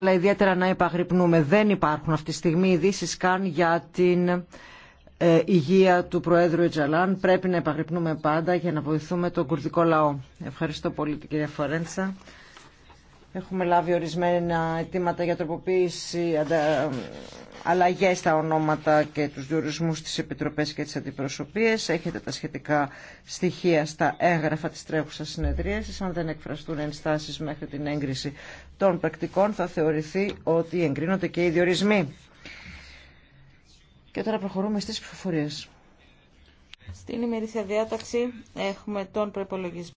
αλλά ιδιαίτερα να επαγρυπνούμε. Δεν υπάρχουν αυτή τη στιγμή ειδήσει καν για την ε, υγεία του Προέδρου Ετζαλάν. Πρέπει να επαγρυπνούμε πάντα για να βοηθούμε τον κουρδικό λαό. Ευχαριστώ πολύ την κυρία Φορέντσα. Έχουμε λάβει ορισμένα αιτήματα για τροποποίηση, ε, αλλαγέ στα ονόματα και τους διορισμούς της Επιτροπές και τις Αντιπροσωπείες. Έχετε τα σχετικά στοιχεία στα έγγραφα της τρέχουσας συνεδρίασης. Αν δεν εκφραστούν ενστάσεις μέχρι την έγκριση των πρακτικών θα θεωρηθεί ότι εγκρίνονται και οι διορισμοί. Και τώρα προχωρούμε στις ψηφοφορίες. Στην ημερήσια διάταξη έχουμε τον προπολογισμό.